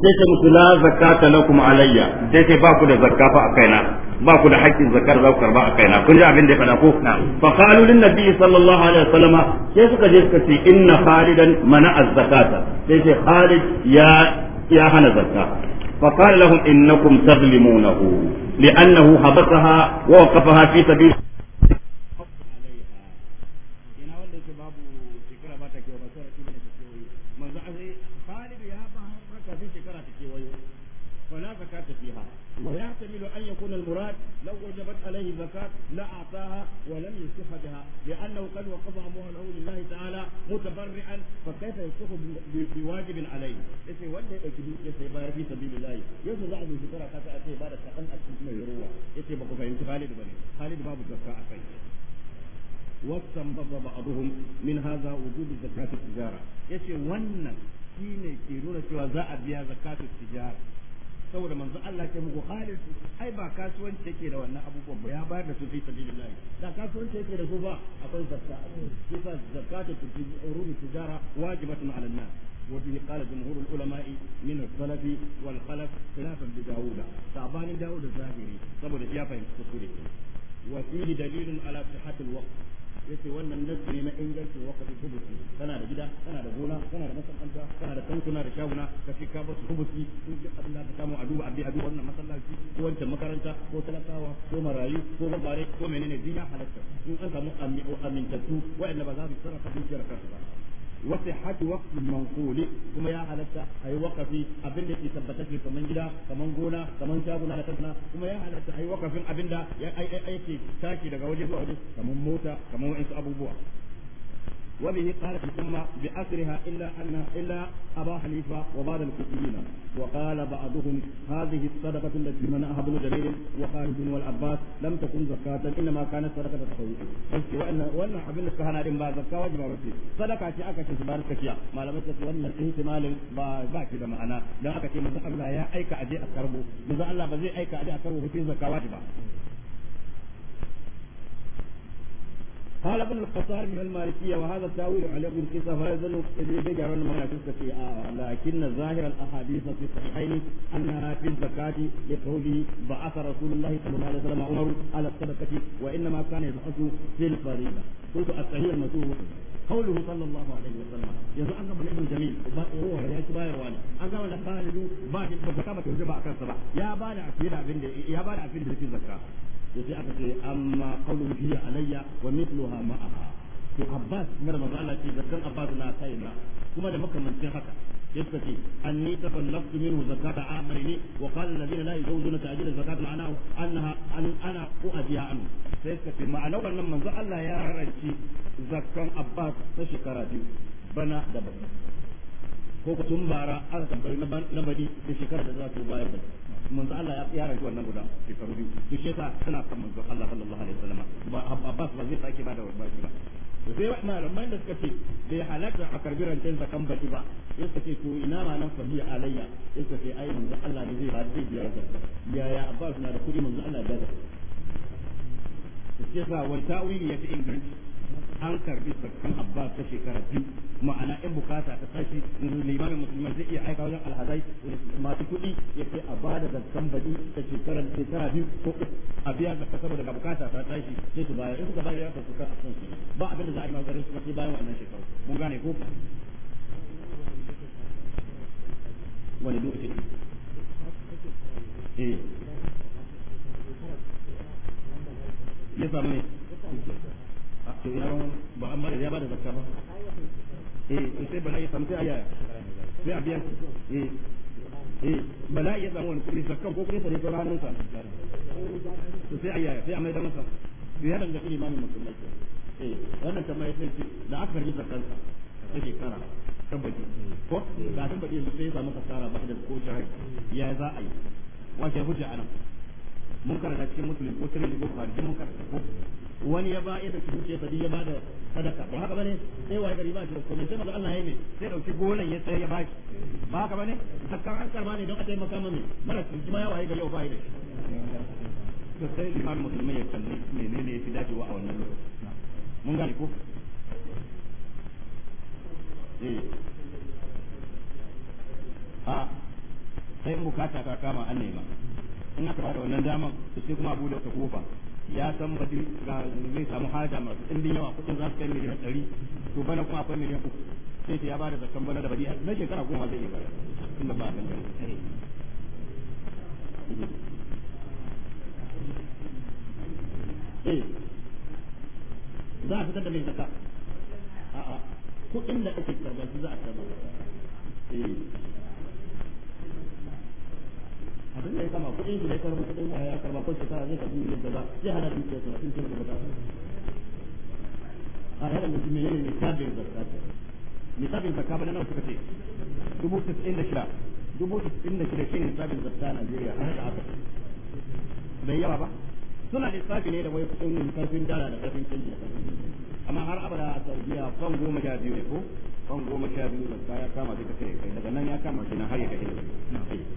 sai ce musu la zakata lakum alayya sai ba ku da zakka fa a kaina ba ku da haƙƙin zakar za ku karba a kaina kun ji abin da ya faɗa ko fa qalu lin nabi sallallahu alaihi wasallam sai suka je suka ce inna khalidan mana az-zakata sai ce khalid ya ya hana zakka fa qala lahum innakum li'annahu habasaha wa waqafaha fi ويحتمل أن يكون المراد لو وجبت عليه الزكاة لأعطاها ولم يسخ بها لأنه قد وقف أمرها لأول لله تعالى متبرعا فكيف يسخ بواجب عليه إذا وجه أكيد بارك في سبيل الله يسوع بعض الشكرة حتى أتي بعد السقن أكيد يروى إذا بقوا فهمت خالد بن خالد باب الزكاة أكيد واستنبط بعضهم من هذا وجوب زكاة التجارة يسي ونن shine ke nuna بها زكاه التجاره saboda manzon Allah ke muku halis ai ba kasuwanci yake da wannan abubuwan ba ya bayar da su fi sabilillahi da kasuwanci yake da su ba akwai zakka kisa zakata tujibu urudu tijara wajibatun ala nas wajen ya kala jumhurul ulama min salafi wal khalaf khilafan bi dawuda sabanin dawuda zahiri saboda ya fahimci kusuri wa fihi dalilun ala sihhatil waqt yace wannan nasu ne na ingancin wakati hubusi kana da gida kana da gona kana da masana'anta kana da tankuna da shaguna ka ce ka basu hubusi in ji abin da ka samu a duba abin a duba wannan masallaci ko wancan makaranta ko talakawa ko marayu ko babare ko menene duk ya halatta in an samu amintattu waɗanda ba za su sarrafa dukiyar kansu ba وصحة وقت المنقول كما يا حلتا أي وقفي أبن التي ثبتت لي كمان جدا كمان غونا كمان شابنا لتنا كما يا حلتا أي وقف أبن دا أي أي أي تاكي دا وجه وجه كمان موتا كمان إنس أبو بوا وبه قالت الأمة بأسرها إلا أن إلا أبا حنيفة وبعض الكوفيين وقال بعضهم هذه الصدقة التي منعها ابن جرير وخالد والعباس لم تكن زكاة إنما كانت صدقة التطوع وأن وأن حبل الكهنة إن زكاة وجب رسي صدقة شيء أكا شبار كشيا ما لم تكن وأن الاحتمال باكي ده معنا لو أكا شيء مزع الله يا أيك أجي أكربو مزع الله بزي أيك أجي أكربو في زكاة واجبة قال ابن الخطار من المالكية وهذا التأويل على ابن القصة فلا يزال يرجع عن المنافسة في لكن ظاهر الأحاديث في الصحيحين أنها في الزكاة لقوله بعث رسول الله صلى الله عليه وسلم عمر على الصدقة وإنما كان يبحث في الفريضة قلت الصحيح المسؤول قوله صلى الله عليه وسلم yanzu an gama ibn jamil ba ruwa ya ci bayarwa ne an gama da khalidu ba shi ba zakka ba ta ba akan sa ba ya bada afida abin da ya bada afida da zakka sai aka ce amma qawlun hiya alayya wa mithluha ma'aha to abbas mar ba Allah zakkan abbas na sai kuma da makamancin haka ya ce an ni ta fallaftu minhu zakata amri ne wa qala alladhina la yuzuna ta'jila zakata ma'ana annaha an ana u'adiya an sai suka ce ma'ana wannan manzo Allah ya haranci zakkan abbas ta shekara biyu bana da bana ko ku tumbara aka tambayi na bani da shekara da za su bayar manzo Allah ya yara shi wannan guda shekaru biyu to shi yasa suna kan manzo Allah sallallahu alaihi wasallam ba Abbas ba zai sake ba da wani ba sai malaman da suka ce bai halatta a karbi rancen zakan baki ba ya suka ce to ina ma nan fadi alayya ya suka ce ai manzo Allah ne zai ba zai biya ya ya Abbas na da kudi manzo Allah da sai wani tawili ya fi inganci an karbi sakkan abbas ta shekara biyu ma'ana in bukata ta tashi limamin musulman zai iya aika wajen alhazai masu kuɗi ya ce a ba da zakkan baɗi ta shekara shekara biyu ko a biya ga saboda ga bukata ta tashi sai su bayar in suka bayar ya fasu ka a son su ba abin da za a yi magarin su sai bayan wannan shekaru mun gane ko wani lokaci eh ya samu ne a to ya ba an ba da ya ba da zakka ba eh sai aya sai a eh eh ya wani zakkan ko sai to sai aya sai a mai da masa ya danga imanin musulmai eh wannan kamar da aka zakkan sa ko ba sai samu kasara ba da ko ya za a yi wace hujja anan mun karanta cikin musulmi ko tare da mun karanta ko wani ya ba ya da zuciya sadi ya ba da sadaka ba haka bane sai wai gari ba shi da sai manzo Allah ya yi sai dauki golan ya tsaya ya ba shi ba haka bane hakan an karba ne don a taimaka mami mara kuma ya wai gari ya ba shi to sai limamin musulmai ya kalli menene ya fi dacewa a wannan lokaci mun gane ko eh a ah. sai bukata ka kama an nema in aka ba wannan daman sai kuma abu da ta kofa ya san ba ga zai samu haja masu ɗimbin yawa kudin za su kai miliyan ɗari to bana kuma akwai miliyan uku sai ya ba da zakan bana da badiya na shekara goma zai yi bada inda ba a kan eh, za a fitar da mai zaka a'a da ake su za a karɓa eh. abin da ya kama kuɗin shi ne karɓar kuɗin ya ya karɓa ko shekara zai karɓi miliyan kaza zai hana dukiyar sa sun kirki kaza a yaran mutum ne ne misabin zakka ce misabin zakka ba nawa suka ce dubu tis'in da shida dubu tis'in da shida shi ne misabin zakka a Najeriya a haka aka bai yawa ba suna lissafi ne da wai kuɗin karfin dala da karfin canji amma har abada a Saudiya kwan goma sha biyu ne ko kwan goma sha biyu zakka ya kama zai kace daga nan ya kama shi na har ya kace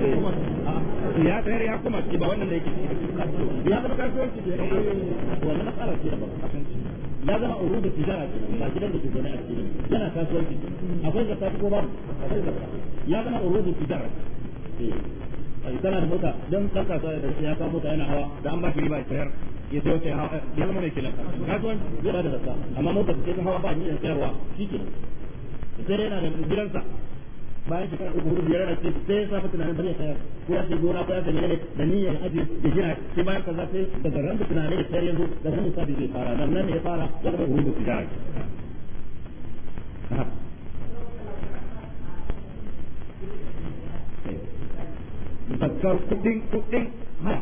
Eh. ya tsayar ya kuma ba wannan da yake ya zama kasuwanci da eh, wannan matsala ce ba ya zama uru da tijara ce ba gidan da ke zaune a cikin yana kasuwanci akwai zakka ko ba akwai ya zama uru da tijara tana eh. da mota don ɗan kasuwa da ya kawo mota yana hawa da an ba shi riba ya sayar ya sayo sai hawa ya zama mai kenan kasuwanci zai da zakka amma mota da ke hawa ba ni sayarwa shi ke sai yana da gidansa bayan shekara uku hudu biyar da ce sai safa tunanin bari ya sayar ko ya ce gona ko ya ne da niyyar aji da gina sai bayan kaza sai daga ran da tunanin ya sayar yanzu da ran da zai fara nan nan ne ya fara ya zama hudu tijara Bakar kudin kudin haya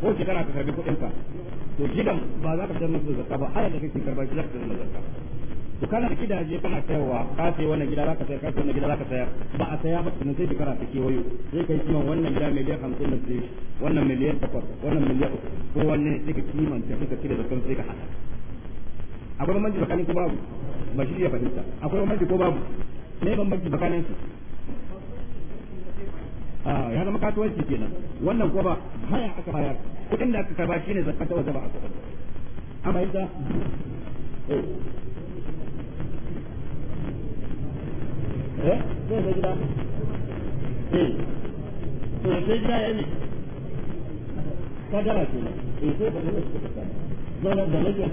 ko shekara ka karbi kuɗin ka to gidan ba za ka fitar musu zakka ba ayar da kake karba shi za ka da zakka to kana da gidaje kana sayarwa ka sai wannan gida zaka sayar ka sai wannan gida zaka sayar ba a saya ba tun sai shekara ta kewayo sai kai kiman wannan gida miliyan 50 da wannan miliyan wannan miliyan ko wanne sai ka kiman ta cire zakkan sai ka akwai tsakanin ko babu ba shi ya fahimta akwai ko babu me bambanci tsakanin su a ah, ya zama kasuwanci kenan wannan ko ba haya aka bayar kudin da aka karba shine zakka ta wajaba a amma yadda eh? eh zai da gida eh to sai gida yayi kadara ce eh sai ba zai da lafiya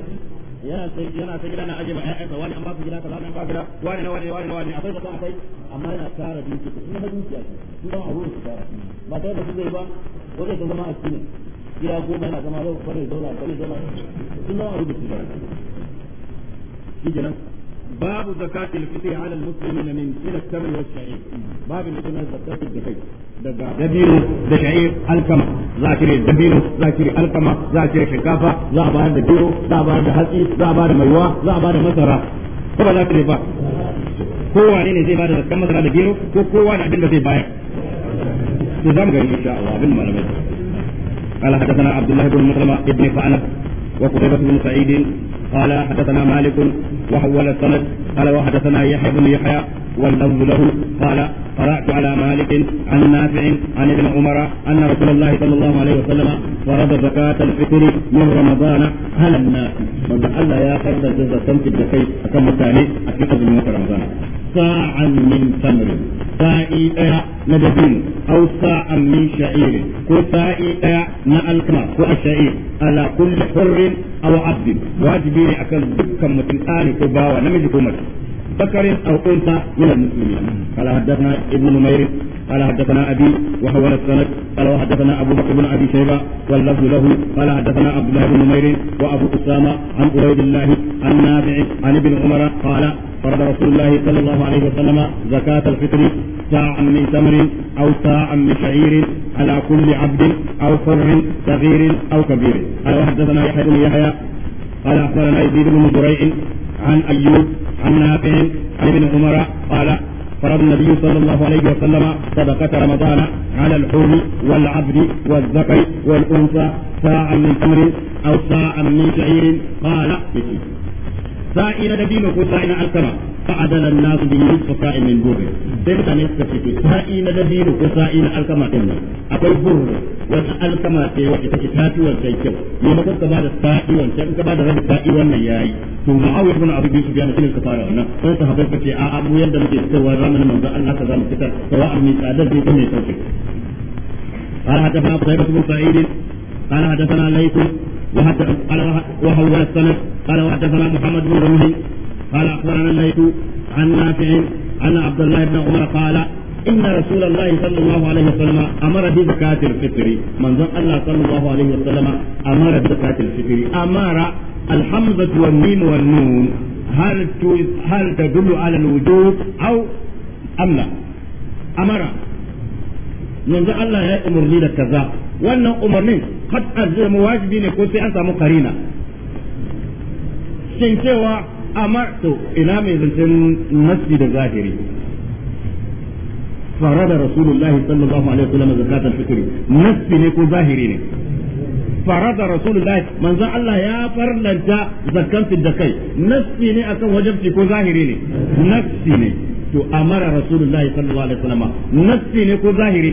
yana sai yana sai gida na aje ba ƴaƴansa wani an ba su gida kaza an ba gida wani na wani wani na wani akwai kaza akwai amma yana tara dinki in ba dinki ake su ba a wurin su tara ba tare da su zai ba wajen da zama a cikin gida goma yana zama yau kwarai zauna kwarai zauna sun zama a wurin su tara shi kenan باب زكاة الفطر على المسلمين من من التمر والشعير باب الذي زكاة الزكاة daga dabino da sha'ir alkama za a cire dabino za a cire alkama za a cire shinkafa za a da biro za a da hatsi za a da maiwa za a da masara ko ba za ka ba kowa ne ne zai bada zakkan masara da biro ko kowa da abin da zai bayar to zamu gani insha Allah abin malamai قال حدثنا عبد الله بن مسلمة ابن فعنب وقتيبة بن سعيد قال حدثنا مالك وحول السند قال وحدثنا يحيى بن يحيى واللفظ له قال قرأت على مالك عن نافع عن ابن عمر أن رسول الله صلى الله عليه وسلم فرض زكاة الفطر من رمضان على الناس فجعل يا فرد الجزء تمت بكي أتم الثاني أكيد من رمضان ساعا من تمر سائي ايه ندبين أو ساعا من شعير كو سائي ايه نا الكما كو الشعير على كل حر أو عبد واجبين أكل دكا متن آلي كباوة نمجكم بكر أو أنثى من المسلمين قال حدثنا ابن نمير قال حدثنا أبي وهو السند قال وحدثنا أبو بكر بن أبي شيبة واللفظ له قال حدثنا عبد الله بن نمير وأبو أسامة عن عبيد الله عن نافع عن ابن عمر قال فرض رسول الله صلى الله عليه وسلم زكاة الفطر ساعا من تمر أو ساعا من شعير على كل عبد أو حر صغير أو كبير قال وحدثنا يحيى بن يحيى قال أخبرنا يزيد بن زريع عن أيوب عن نافع عن ابن عمر قال فرض النبي صلى الله عليه وسلم صدقة رمضان على الحور والعبد والذكر والأنثى ساعا من تمر أو ساعا من شعير قال sa'i da bima ko sa'i na alkama fa adala an-nasu bi nisfi sa'in min burr sai mutane suka ce sa'i da bima ko sa'i na alkama din ne akwai burr wata alkama ce wacce take tatuwar sai kyau ne maka ka bada sa'i wancan ka bada rabi sa'i wannan yayi to mu'awiyah ibn abi bisuf ya nace ka fara wannan sai sahabbai ka ce a abu yanda muke cewa zamanin manzo Allah ka zamu fitar sawa'an min tsadar ne ko mai sauki قال حدثنا قتيبة بن سعيد قال حدثنا ليث قال وهو السند قال وحدثنا محمد بن رمح قال اخبرنا الليث عن نافع عن عبد الله بن عمر قال إن رسول الله صلى الله عليه وسلم أمر بزكاة الفطر من ظن الله صلى الله عليه وسلم أمر بزكاة الفطر أمر الحمزة والميم والنون هل هل تدل على الوجود أو أم لا أمر من ظن الله يأمر لي كذا wannan umarnin kad zai mu wajibi ne ko sai an samu karina shin cewa amar to ina mai zancen nasi da zahiri farada rasulullahi sallallahu alaihi wasallam zakatul fitri nasi ne ko zahiri ne farada rasulullahi manzon Allah ya farlanta zakkan da kai nasi ne akan wajibi ko zahiri ne nasi ne to amara rasulullahi sallallahu alaihi wasallam nasi ne ko zahiri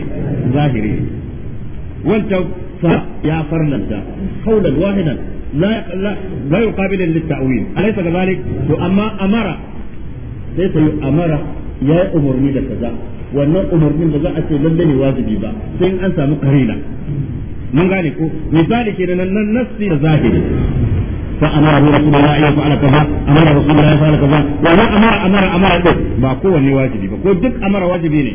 zahiri wancan fa ya farlanta qawlan wahidan la la la yuqabil lit-ta'wil alaysa kadhalik to amma amara sai sai amara ya yi umarni da kaza wannan umarnin da za a ce lalle ne wajibi ba sai an samu karina mun gane ko misali kenan nan nassi da zahiri رسول الله أن يفعل كذا أمر رسول الله أن يفعل كذا وما أمر أمر أمر ما قوة واجبي بقول دك أمر واجبي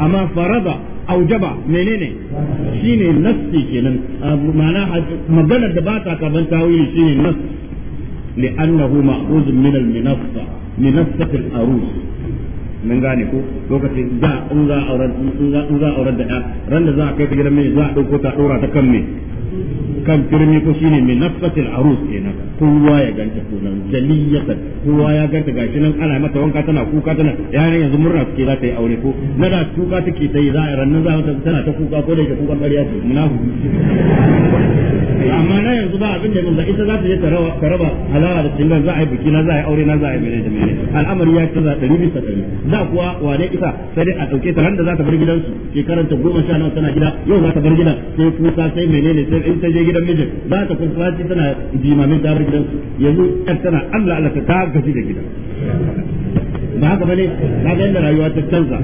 أما فرض aujaba menene shine nassi kenan ah, ma'ana maganar da ba ta kaban tawili shine nass li'annahu ma'khuz min al-minassa al-arus mun gane ko lokacin da in za za auren ran da za a kai ta gidan mai za a dauko ta dora ta kan me kan turmi ko shine min nafsatil arus kenan kowa ya ganta sunan jaliyata kowa ya ganta gashi nan ana mata wanka tana kuka tana yayin yanzu murna suke za ta yi aure ko na da kuka take ta yi za a nan za ta tana ta kuka ko da yake kukan ƙarya ce munafiku amma na yanzu ba abin da yanzu ita za ta je ta rawa raba halala da cingan za a yi biki na za a yi aure na za a yi mene da mene al'amari ya ta za ta rubi ta tsari za kuwa wane isa sai dai a dauke ta randa za ta bar gidansu ke karanta goma sha nawa tana gida yau za ta bar gida sai kuka sai menene sai in ta je gidan mijin za ta kusaci tana jimamin damar gidan yanzu ɗan tana Allah Allah ta gaji da gidan ba haka bane ka ga yadda rayuwa ta canza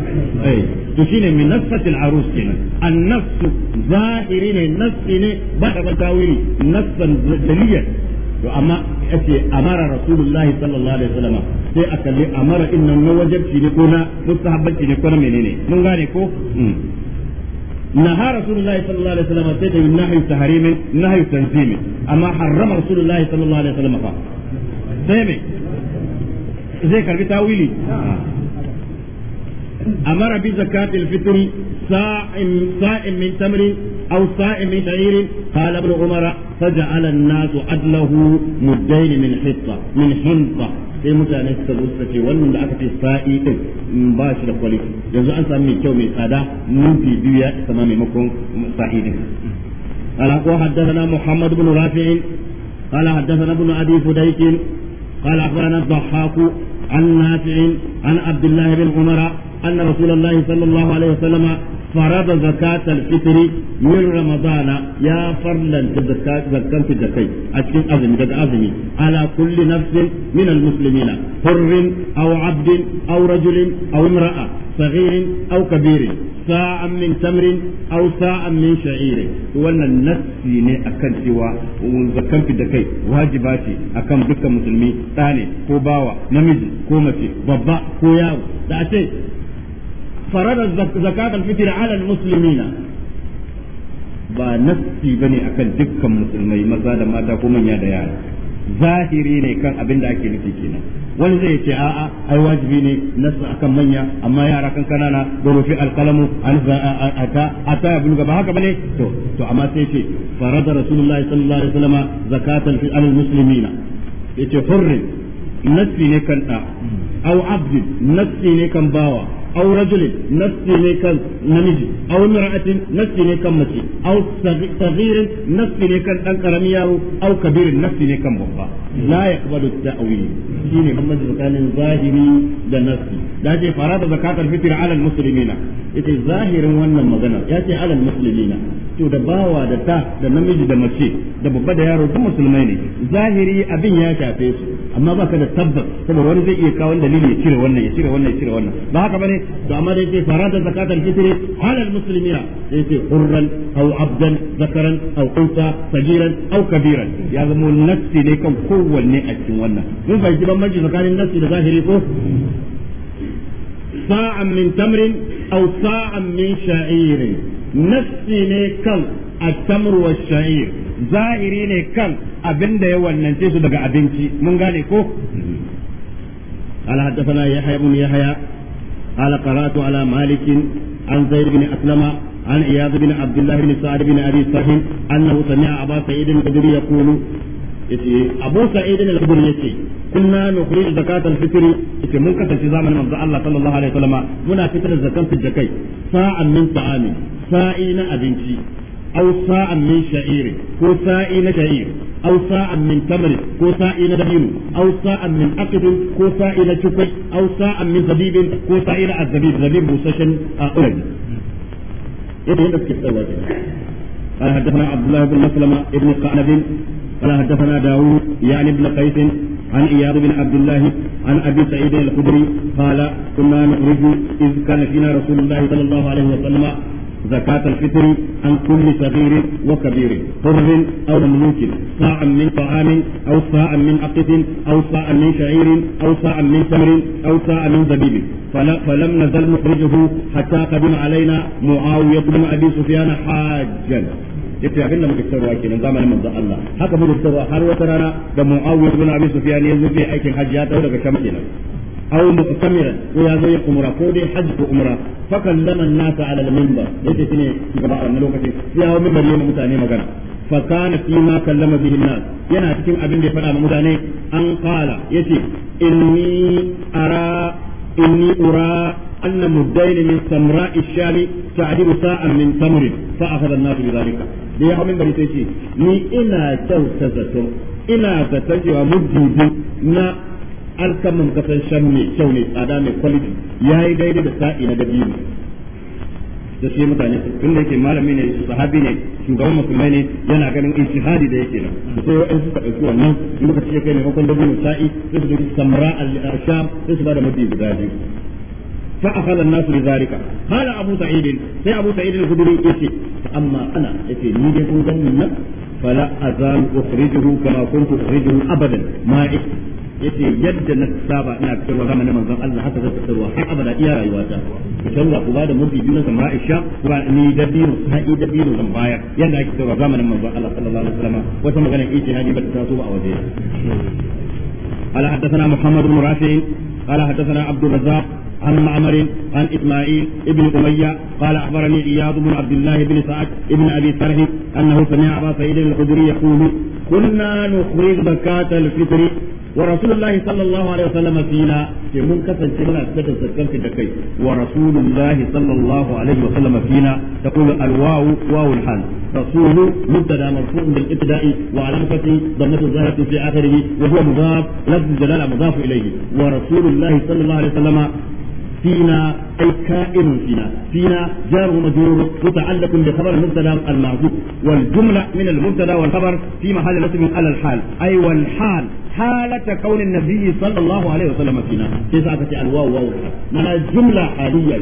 eh to shine min nafsatil arus kenan an nafsu zahiri ne nafsi ne ba da tawili nafsan daliliyya to amma yace amara rasulullah sallallahu alaihi wasallam sai aka li amara inna na wajibci ne ko na mustahabbaci ne ko na menene mun gane ko hmm. نهى رسول الله صلى الله عليه وسلم التيت من نهي تحريم نهي تنزيم أما حرم رسول الله صلى الله عليه وسلم فقط سيمي زي كربي تاويلي أمر بزكاة الفطر صائم صائم من تمر أو صائم من شعير قال ابن عمر فجعل الناس أدله مدين من حصة من حنطة sai mutane suka zo suka ce wannan da aka ce sa'i din mm, ba shi da kwali yanzu an samu mai kyau mai tsada nufi biyu ya isa ma maimakon sa'i din قال وحدثنا محمد بن رافع قال حدثنا ابن فرض زكاة الفطر من رمضان يا فرلا زكاة زكاة الزكاة أشكين أزمي قد أزمي على كل نفس من المسلمين حر أو عبد أو رجل أو امرأة صغير أو كبير ساعة من تمر أو ساعة من شعير وأن النفس أكن سوى وزكاة الزكاة واجباتي أكن بك مسلمين ثاني كوباوة نمز كومتي بابا كوياو تأتي فرض زكاة الفطر على المسلمين ba nassi bane akan dukkan musulmai maza da mata ko manya da yara zahiri ne kan abin da ake nufi kenan wani zai ce a'a ai wajibi ne nasu akan manya amma yara kan kanana da rufi alqalamu an ata a ya bulga ba haka bane to to amma sai ce farada rasulullahi sallallahu alaihi wasallam zakatan fi al muslimina yace hurri nassi ne kan da au abd nassi ne kan bawa أو رجل نفسي ليكن نمجي أو امرأة نفسي ليكن مشي أو صغير نفسي ليكن أنكرميه أو كبير نفسي ليكن مبقى لا يقبل التأويل شيني محمد مكان ظاهري ده نفسي لكن فراد زكاة الفطر على المسلمين يتي ظاهر وانا مغنى يتي على المسلمين to da bawa da ta da namiji da mace da babba da yaro duk musulmai ne zahiri abin ya shafe su amma baka da tabbas saboda wani zai iya kawo dalili ya cire wannan ya cire wannan ya cire wannan ba haka bane to amma dai sai farada zakatul fitr halal muslimina sai ce hurran aw abdan zakaran au unsa sagiran au kabiran ya zama nassi ne kan kowanne a cikin wannan mun fahimci bambanci tsakanin nassi da zahiri ko sa'an min tamrin au sa'an min sha'irin nassi ne kan التمر والشعير zahiri ne kan abin da ya wannance su daga abinci mun gane ko قال حدثنا يحيى بن يحيى قال قرأت على مالك عن زيد بن أسلم عن عياذ بن عبد الله بن سعد بن أبي سهل أنه سمع أبا سعيد الخدري يقول أبو سعيد الخدري يتي كنا نخرج زكاة الفطر يتي منك تلتزام من الله صلى الله عليه وسلم منا فطر الزكاة في الجكي ساعة من طعام سائنا أبنتي أو ساعة من شعير وسائنا شعير أو ساعة من تمر كو ساعة دبيب أو ساعة من أقد كو ساعة شكر أو ساعة من زبيب كو ساعة الزبيب زبيب مسشن أقرب إذا يدفك السواك قال حدثنا عبد الله بن مسلمة ابن قعنب قال حدثنا داوود يعني ابن قيس عن اياد بن عبد الله عن ابي سعيد الخدري قال كنا نخرج اذ كان فينا رسول الله صلى الله عليه وسلم زكاة الفطر عن كل صغير وكبير قرب أو مملوك صاعا من طعام أو صاعا من عقد أو صاعا من شعير أو صاعا من تمر أو صاعا من زبيب فلم نزل نخرجه حتى قدم علينا معاوية بن أبي سفيان حاجا yace abin da muka tsarwa kenan zamanin manzo Allah haka muka tsarwa har wata rana da Muawiya ibn Abi Sufyan ya zo aikin hajji ya dawo daga Sham kenan aw mu'tamiran ko ya zo ya umra ko dai hajji ko umra fa kallama an-nas ala al-minbar yace shine gaba a wannan lokaci sai ya yana mutane magana fa kana ma kallama bihi an yana cikin abin da ya faɗa ma mutane an yace inni ara inni ura أن مدين من سمراء الشام تعدل ساعة من تمر فأخذ الناس بذلك da ya hamin bari sai ce ni ina kyautata zato ina zaton cewa na an san mun shan mai kyau ne tsada mai kwaliti ya yi daidai da sa'i na dabi ne da shi mutane su tun da yake malami ne su sahabi ne shugaban musulmai ne yana ganin in shihadi da yake nan da sai wa'in suka ɗauki wannan in muka ce kai ne dabi ne sa'i sai su zuci samara al sai su ba da mabi guda biyu fa akhala hala nas li zalika qala abu sa'id sai abu sa'id al-khudri yake amma ana yake ni dai kun gannin nan fala azan ukhrijuhu kama kuntu ukhrijuhu abadan maa yace yadda na saba ina fitarwa zamanin manzon Allah haka zai fitarwa har abada iya rayuwata idan ku kuma da murbi biyu na Aisha ba ni da biyu sa'i da biyu zan bayar yadda ake fitarwa zamanin manzon Allah sallallahu alaihi wasallam wata magana ita hadi ba ta taso ba a waje ala hadathana محمد بن رافع قال حدثنا عبد الرزاق عن معمر عن اسماعيل ابن اميه قال اخبرني اياض بن عبد الله بن سعد ابن ابي سرح انه سمع ابا سعيد الخدري يقول كنا نخرج زكاه الفطر wa rasulullahi sallallahu alaihi wasallam fina ke mun kasance muna cikin sakkanci da kai wa rasulullahi sallallahu alaihi wasallam fina taqulu alwawu wawul hal rasulu mubtada marfu'un bil ibtida'i wa alam fati dhammatu zahirati fi akhirih wa huwa mudaf lafz jalala mudaf ilayhi wa rasulullahi sallallahu alaihi wasallam فينا أي كائن فينا فينا جار ومجرور متعلق بخبر المبتدا المعذوب والجملة من المبتدا والخبر في محل نصب على الحال أي والحال حالة كون النبي صلى الله عليه وسلم فينا تسعة الواو واو من جملة حالية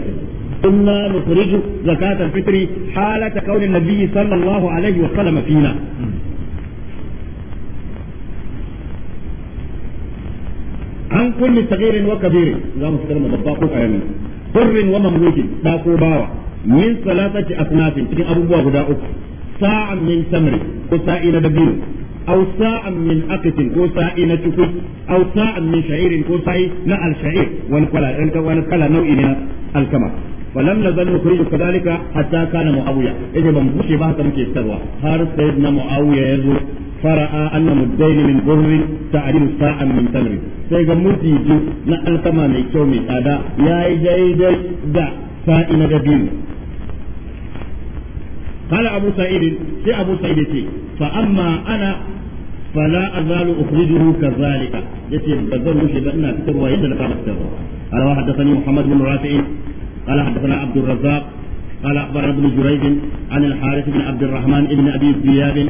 إنا نخرج زكاة الفطر حالة كون النبي صلى الله عليه وسلم فينا an kulli sagirin wa kabirin za mu fitar mu babba ko karami sirrin wa mamlukin da ko bawa min salatati asnafin cikin abubuwa guda uku sa'an min tamri ko sa'i na dabiru aw sa'an min aqtin ko sa'i na tukus aw sa'an min sha'irin ko sa'i na al-sha'ir wani kala dan wani kala nau'i ne alkama falam na zan nufi yi kudalika hatta ka na mu'awiya ban bushe ba haka muke fitarwa har sai na mu'awiya ya zo fara'a an na mudaini min gurri ta adinu sa'an min tamri sai ga mujiji na alkama mai kyau mai tsada ya yi daidai da sa'i na dabino kala abu sa'idi sai abu sa'idi ce fa amma ana fala azalu ukhrijuhu kazalika yace bazan mushi da ina fitarwa yadda na fara fitarwa alwa hadathani muhammad bin rafi'i قال حدثنا عبد الرزاق قال اخبرنا ابن جريج عن الحارث بن عبد الرحمن بن ابي زياد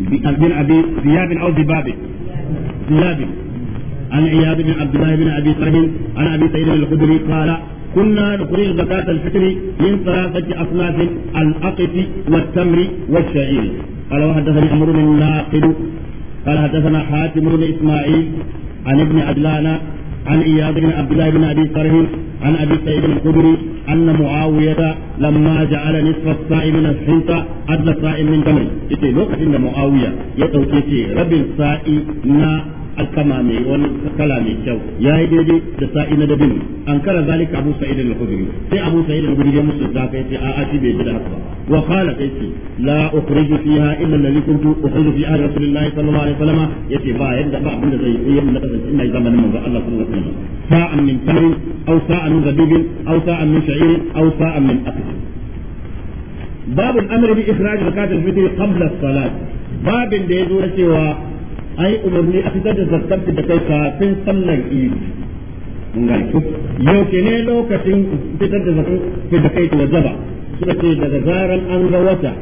بن ابي زياد او ذباب زياد عن عياد بن عبد الله بن ابي طلحه عن ابي سعيد الخدري قال كنا نخرج زكاة الفطر من ثلاثة أصناف الأقف والتمر والشعير قال وحدثني عمرو بن ناقد قال حدثنا حاتم بن إسماعيل عن ابن عدلان عن اياد بن عبد الله بن ابي طرف عن ابي سعيد الخدري ان معاويه لما جعل نصف الصاع من الحنطه ادل صاع من تمر يتي ان معاويه يتوكيتي رب الصاع نا alkama mai wani kala mai kyau ya yi daidai da sa'i na dabino an kara zalika abu sa'id al-khudri sai abu sa'id al-khudri ya musu da kai sai a'a shi bai ji da haka wa qala kai ce la ukhriju fiha illa alladhi kuntu ukhriju fi ahli rasulillahi sallallahu alaihi yace ba yadda ba abin da zai yi yadda da ina zamanin manzo Allah sallallahu alaihi wasallam sa'an min aw aw aw min باب الامر باخراج زكاه الفطر قبل الصلاه babin da ya zo cewa ai umarni a fitar da zakkarta da kai kafin sallar idi ngarku yau ke ne lokacin fitar da zakkarta da kai wajaba suna ce daga zaran an ga wata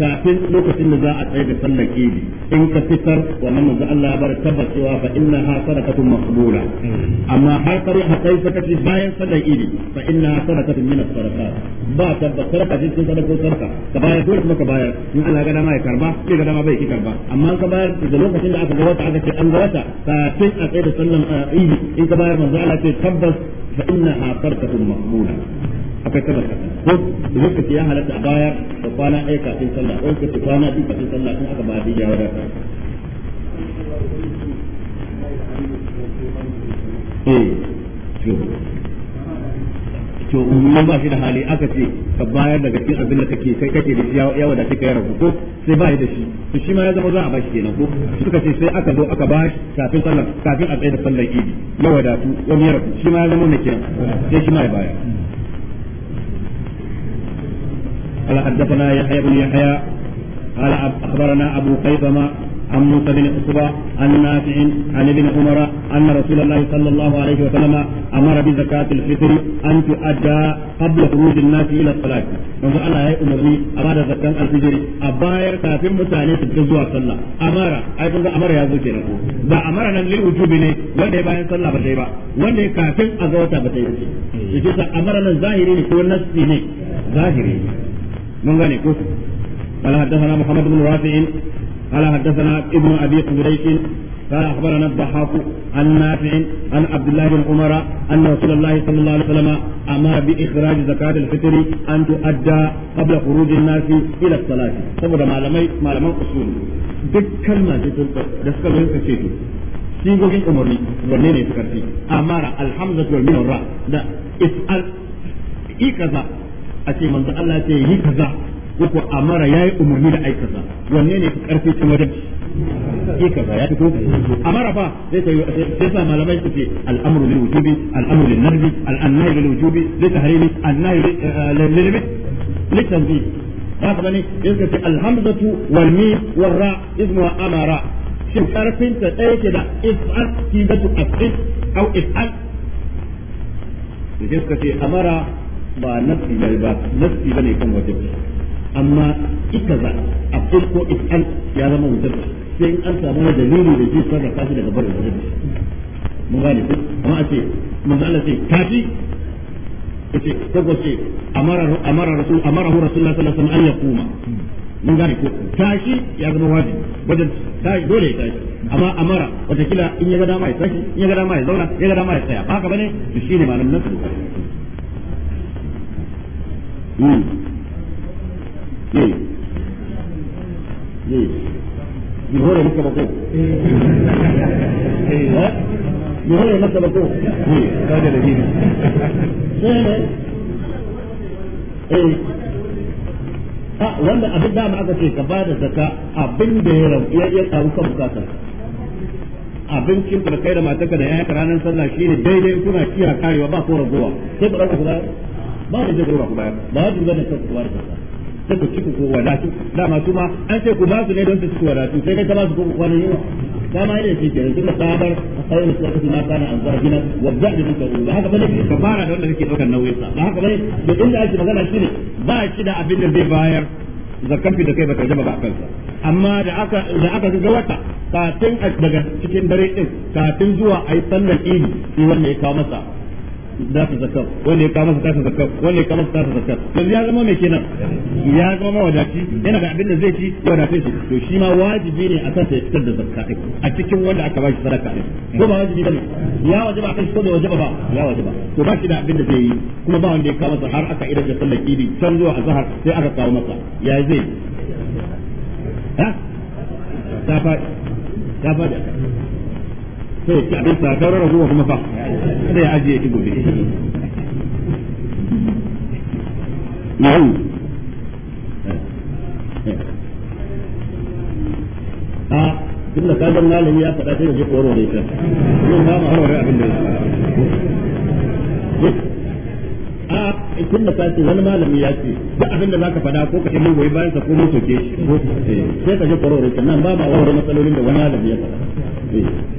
kafin lokacin da za a tsaye da sallar idi in ka fitar wannan manzo Allah ya bar tabbacewa fa innaha sadaqatun maqbula amma har kare hakai sakaci bayan sallar idi fa innaha sadaqatun min as-sadaqat ba tabba tabbatar ka cikin sadaqo sarka ka bayar dole kuma ka bayar in Allah ga dama ya karba ki ga dama bai ki karba amma ka bayar da lokacin da aka ga wata aka ce an ga wata kafin a tsaye da sallar ah, idi in ka bayar manzo Allah ce tabbas fa innaha sadaqatun maqbula akai kada ko lokaci ya halatta a baya da kwana ɗaya kafin sallah ko lokaci kwana biyu kafin sallah kun aka ba da ya wadata eh to umman ba shi da hali aka ce ka bayar daga cikin abin da kake kai kake da shi ya wadace ka ya rabu ko sai ba da shi to shi ma ya zama za a bashi kenan ko suka ce sai aka zo aka bashi kafin sallar kafin a tsaye da sallar idi ya wadatu wani ya rabu shi ma ya zama ne kenan sai shi ma ya baya قال حدثنا يحيى بن يحيى قال اخبرنا ابو قيثمه عن موسى بن عقبة عن نافع عن ابن عمر ان رسول الله صلى الله عليه وسلم امر بزكاة الفطر ان تؤدى قبل خروج الناس الى الصلاة من قال هي أمرني أمر زكاة الفطر أباير كافر في تجزوا الصلاة امر أي كنت أمر يا زوجي نقول با امرنا للوجوب ني وين يبين صلاة بتيبا وين كافر أزوتا بتيبا يجي أمر أن ظاهري ني ظاهري من غني قلت قال حدثنا محمد بن رافع قال حدثنا ابن ابي قريش قال اخبرنا الضحاك عن نافع عن عبد الله بن عمر ان رسول الله صلى الله عليه وسلم امر باخراج زكاه الفطر ان تؤدى قبل خروج الناس الى الصلاه saboda malamai malaman usul duk kalma ce da suka zo suka ce to sigogin umarni wanne ne suka ce amara alhamdulillah wal minra da is'al ikaza a ce manzo Allah ce yi kaza uku amara ya yi umarni da aikata wanne ne karfi cikin wajen yi kaza ya fito amara fa zai ta sai sa malamai su ce al'amru lil wujubi al'amru lil nadbi al'annahi lil wujubi tahrimi annahi eh, lil bane yake ce wal wal ra amara shin karfin ta ɗaya ke da if'al kibatu af'il au if'al ka ce amara ba nafsi ne ba nafsi bane kan wajibi amma ita za a ko an ya zama wajibi sai an samu da dalili da zai fara kashi daga barin wajibi mun gane ko amma a ce manzo Allah sai tafi ce ko ce amara amara rasul amara rasulullah sallallahu alaihi wasallam an yakuma mun gane ko tashi ya zama wajibi wajen tashi dole ya tashi amma amara wata kila in ya ga dama ya tashi in ya ga dama ya zauna ya ga dama ya tsaya ba haka bane shi ne malamin nasu jihore maka da a wanda abin da aka ce ka bada zaka abin da ya rabu ya karu kan bukatar abincin da kai da mataka da yayan ranar sallah ne daidai kuna kiya karewa ba ko ragowa sai ba za ku ba wanda zai garba ku bayar ba wanda zai nasa ku bayar sai ku ci ku wadatu dama su ma an ce ku ba su ne don su ci wadatu sai kai ka ba su ku kwanan yawa dama yana shi kenan tunda sabar sai musu kasu ma kana an zara gina wa da a karu ba haka bane ka fara da wanda kake daukar nauyin sa ba haka bane da inda ake magana shine ba shi da abin da zai bayar zakafi da kai ba tarjama ba kansa amma da aka da aka ga wata kafin daga cikin dare din kafin zuwa ayi sallar idi shi wanda ya kawo masa za su zakka wanda ya kama su ta zakka wanda ya kama su ta zakka yanzu ya zama mai kenan ya zama mawadaci yana da abin da zai ci ya wadace shi to shi ma wajibi ne akan sa ya fitar da zakka a cikin wanda aka bashi sadaka din ko ba wajibi bane ya wajaba akan shi ko da wajaba ba ya wajaba to ba shi da abin da zai yi kuma ba wanda ya kama sa har aka idan da sallar idi can zuwa azhar sai aka kawo masa ya zai ha ta fa ta fa sai ya ci abin sa ta rarrabu kuma fa sai ya ajiye shi gobe na'am a ah, duk da kazan malami ya faɗa sai ya je koro da ita yin ba mu harware abin da a ah, tun da sace wani malami ya ce duk abin da zaka faɗa ko ka ce mun goyi bayan sa ko shi eh, sai ka je koro nan ba mu harware matsalolin da wani malami ya faɗa eh.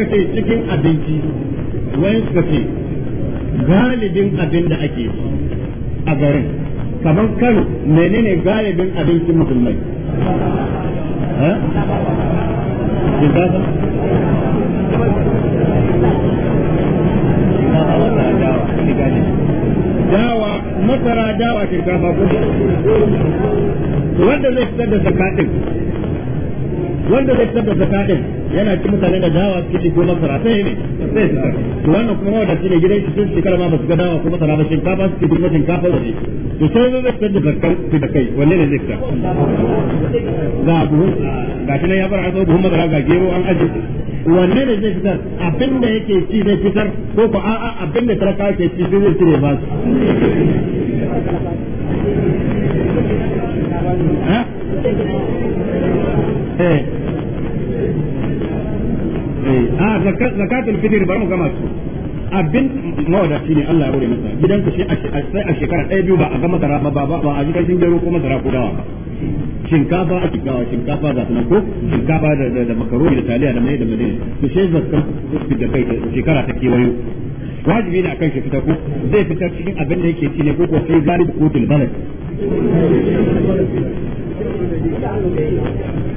suka ce cikin abinci wani suka ce galibin abin da ake a garin kamar kano menene galibin abincin musulmai dawa masara dawa shinkafa wanda zai fitar da sakatin wanda zai tabbata kaɗin yana cikin mutane da dawa suke ci ko masara sai ne sai su to wannan kuma wanda shi gidan shi sun shekara ma ba su ga dawa ko masara ba shinkafa suke kuma shinkafa ne to sai zai zai tabbata zakkan su da kai wanne ne zai ka ga ku ga shi nan ya bar aso buhun masara ga gero an aje wanne ne zai fitar abin da yake ci zai fitar ko ko a'a abin da talaka yake ci zai cire ba su Hey. Eh? Eh. zakatul fitr bari mu gama su abin mawada shi ne Allah ya bude masa gidan ku shi a shekara ɗaya biyu ba a gama masara ba ba ba a jikin kashin jaro kuma masara kudawa ba shinkafa a kikawa shinkafa za su ko shinkafa da makaroni da taliya da mai da madina to shi zakkan da kai shekara ta kewayo wajibi ne akan shi fita ko zai fita cikin abin da yake ci ne ko ko sai galib kotun balad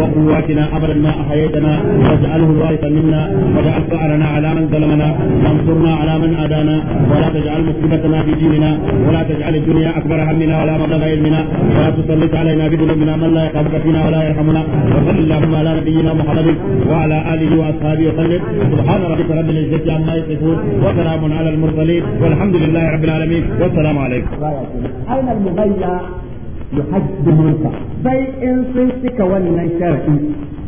وقواتنا أبدا ما أحييتنا واجعله الوارث منا واجعل فعلنا على من ظلمنا وانصرنا على من عادانا ولا تجعل مصيبتنا في ديننا ولا تجعل الدنيا أكبر همنا ولا مبلغ علمنا ولا تسلط علينا بذنوبنا من لا يخافك فينا ولا يرحمنا وصل اللهم على نبينا محمد وعلى آله وأصحابه وسلم سبحان ربك رب العزة عما يصفون وسلام على المرسلين والحمد لله رب العالمين والسلام عليكم. أين المغيّة ya mulka sai in sun cika wannan sharadi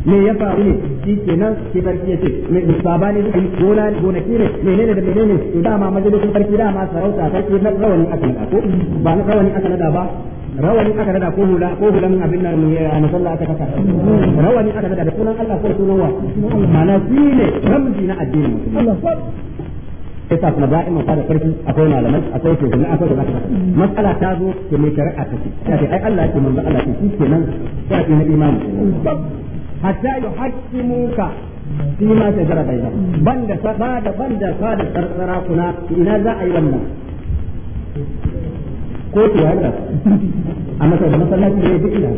me ya faru ne shi ke nan sai farki ya ce me ne duk gona ne gonaki ne menene da menene to dama majalisun farki dama sarauta sarki na rawanin aka nada ko ba na rawanin aka nada ba rawanin aka nada ko hula ko hula min abin nan ya a masalla aka kasa rawanin aka nada da sunan Allah ko sunan wa ma'ana shi ne ramji na addini yasa kuma da'iman fara sarki akwai malamai akwai ke zama akwai da zaka masala ta zo ke mai shari'a ta ce ta ce ai Allah ke manzo Allah ke shi kenan ta ce na imani hatta yuhaqqimuka shi ma shajara bai ba banda saba da banda sada sarsara kuna ina za a yi wannan ko ki yarda amma sai da masallaci ne duk ina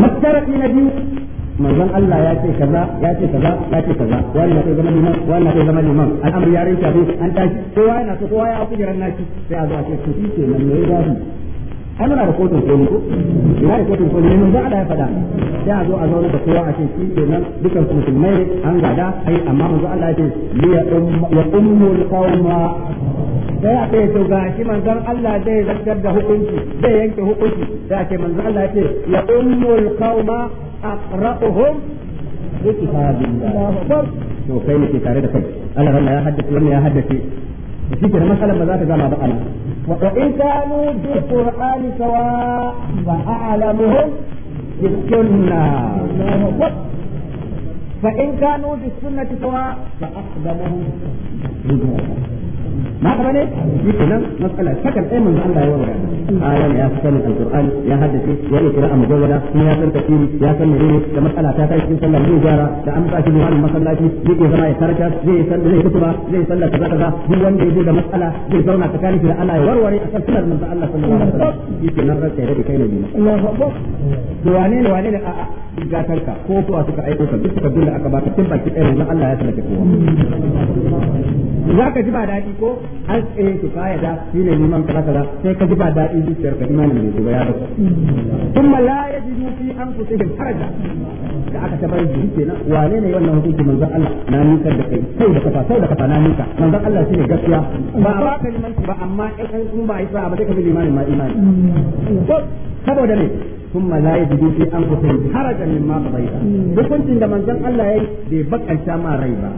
masarati na biyu manzon Allah ya ce kaza ya ce kaza ya ce kaza wani na zama liman wani na zama liman al'amari ya rinka bi an tashi kowa yana so kowa ya hau kujerar naki sai a zo a ce su shi ke nan ne ya ai muna da kotun koli ko ina da kotun koli mun Allah ya fada sai a zo a zauna da kowa a ce shi nan dukan su musulmai ne an gada ai amma manzo Allah ya ce ya ummu qawma sai a ce to gashi manzon Allah zai zartar da hukunci zai yanke hukunci sai a ce manzon Allah ya ce ya ummu qawma aqra'uhum bi kitabillah to kai ne ke tare da kai Allah ya haddace wannan ya haddace shi ke matsalar ba za ta gama ba ana وإن كانوا بالقرآن سواء فأعلمهم بالسنة فإن كانوا بالسنة سواء فأقدمهم بالقرآن ما أبني يكلم مسألة فكر أي من الله يورد آية يا سكان القرآن يا حدثي يا إقراء مجودة يا سن كثير يا سن مريم كمسألة تاتي في سنة الجوجارة كأمس أشد وعن مسألة يجي زما يترك زي سن زي كتبة زي سنة كذا كذا هو أن يجي مسألة زي زونا تكاني في الله يورد أصل سنة من الله صلى الله عليه وسلم يكلم نرى سيرة كي نبينا الله أكبر wane ne wane ne a gatarka ko kuwa suka aiko ka duk suka dole aka baka tun baki ɗaya na Allah ya tsallake kowa za ka ji ba daɗi ko an tsaye ki faya da shi ne neman kaza kaza sai ka ji ba daɗi zuciyar ka imanin mai zuba ya rabu ma la ya ji dufi an kusa da haraja. da aka tabar da jiri na wane ne wannan hukunci manzon Allah na nika da kai sai da kafa sai da kafa na nika manzon Allah shi ne gaskiya ba ba ka limanci ba amma in ba isa ba sai ka ji limanin ma imani saboda ne an لا يجدوا في انفسهم حرجا مما قضيت hukuncin da manzon Allah yayi bai bakanta ma rai ba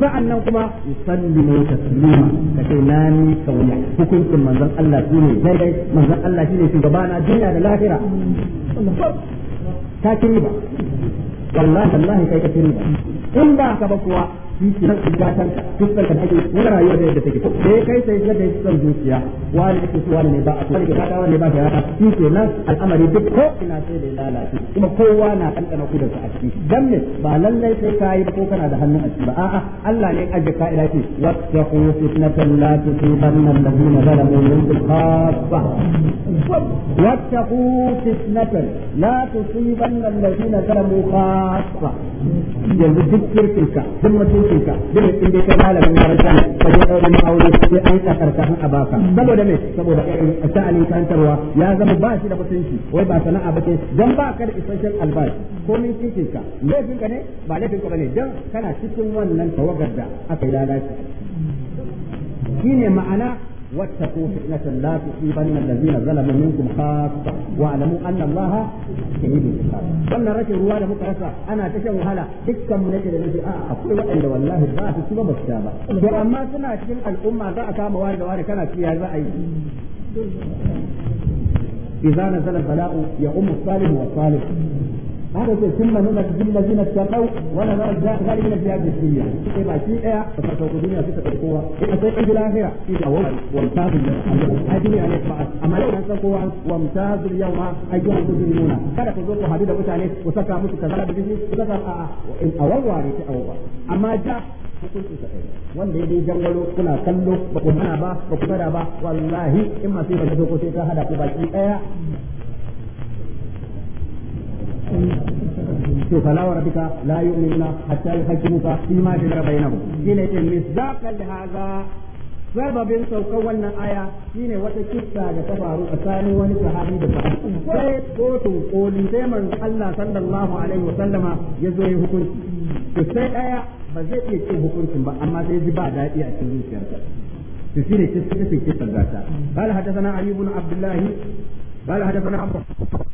sa'annan kuma yusallimu taslima kace la ni kauya hukuncin manzon Allah ne daidai manzon Allah ne gaba na duniya da lahira ta ba wallahi wallahi kai ka ba in ba ka ba kuwa shi ke nan gatan fuskar ka take wani rayuwar da yadda take ko da kai sai ya da son zuciya wani ake so wani ne ba a so wani gata wani ne ba ya shi ke nan al'amari duk ko ina sai da lalace kuma kowa na kankana kudin sa a ciki dan ne ba lallai sai kai ko kana da hannun a ciki ba a'a Allah ne aje ka'ida ce wattaqu fitnatan la tusibanna alladhina zalamu minkum khaffa wattaqu fitnatan la tusibanna alladhina zalamu khaffa yanzu duk kirkinka ka. hukuncin ka dole in dai kai malamin karanta ne ka je ɗaurin aure sai an kasar kafin a baka saboda me saboda sha'anin kantarwa ya zama ba shi da mutunci wai ba sana'a ba ce dan ba ka da isasshen albashi ko min cikin ka laifin ka ne ba laifin ka bane dan kana cikin wannan tawagar da aka yi lalaci shine ma'ana واتقوا فتنة لا تصيبن الذين ظلموا منكم خاصة واعلموا أن الله شديد العقاب wannan rashin ruwa da muka rasa ana ta shan wahala dukkan mu nake da nake a akwai waɗanda wallahi ba su kuma ba su amma suna cikin al'umma za a kama wani da wani kana ciya za a yi idza nazala bala'u ya ummu salih wa salih هذا شيء ثم نمت بالذين اتقوا ولا نرى ذلك من الجهاد الدنيا إما شيء إيه فتركوا الدنيا في سبيل القوة إما شيء عند الآخرة في أول وامتاز اليوم هذه عليك بعد أما لو تسقوا وامتاز اليوم أيها المجرمون كان تزور حديد وتعني وسكى مسك كذا بجي وسكى أول وارث أول أما جاء hukunci sa ɗaya wanda ya je jangalo kuna kallo ba ku hana ba ba ku ba wallahi in masu yi ba ta ko sai ka hada ku baki ɗaya to fala wa rabbika la yu'minuna hatta yuhaqqimuka fima shajara bainahum shine ce misdaqan hadha sababin saukar wannan aya shine wata kissa da ta faru tsakanin wani sahabi da sahabi sai kotun koli sai manzon Allah sallallahu alaihi wasallama ya zo ya hukunci to sai daya ba zai iya cin hukuncin ba amma sai ji ba daɗi a cikin zuciyarsa to shine kissa take kissa gata قال حدثنا علي بن عبد الله قال حدثنا عبد